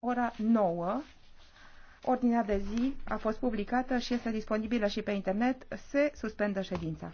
ora 9. Ordinea de zi a fost publicată și este disponibilă și pe internet. Se suspendă ședința.